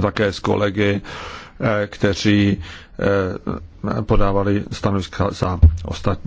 také s kolegy, eh, kteří eh, podávali stanoviska za ostatní.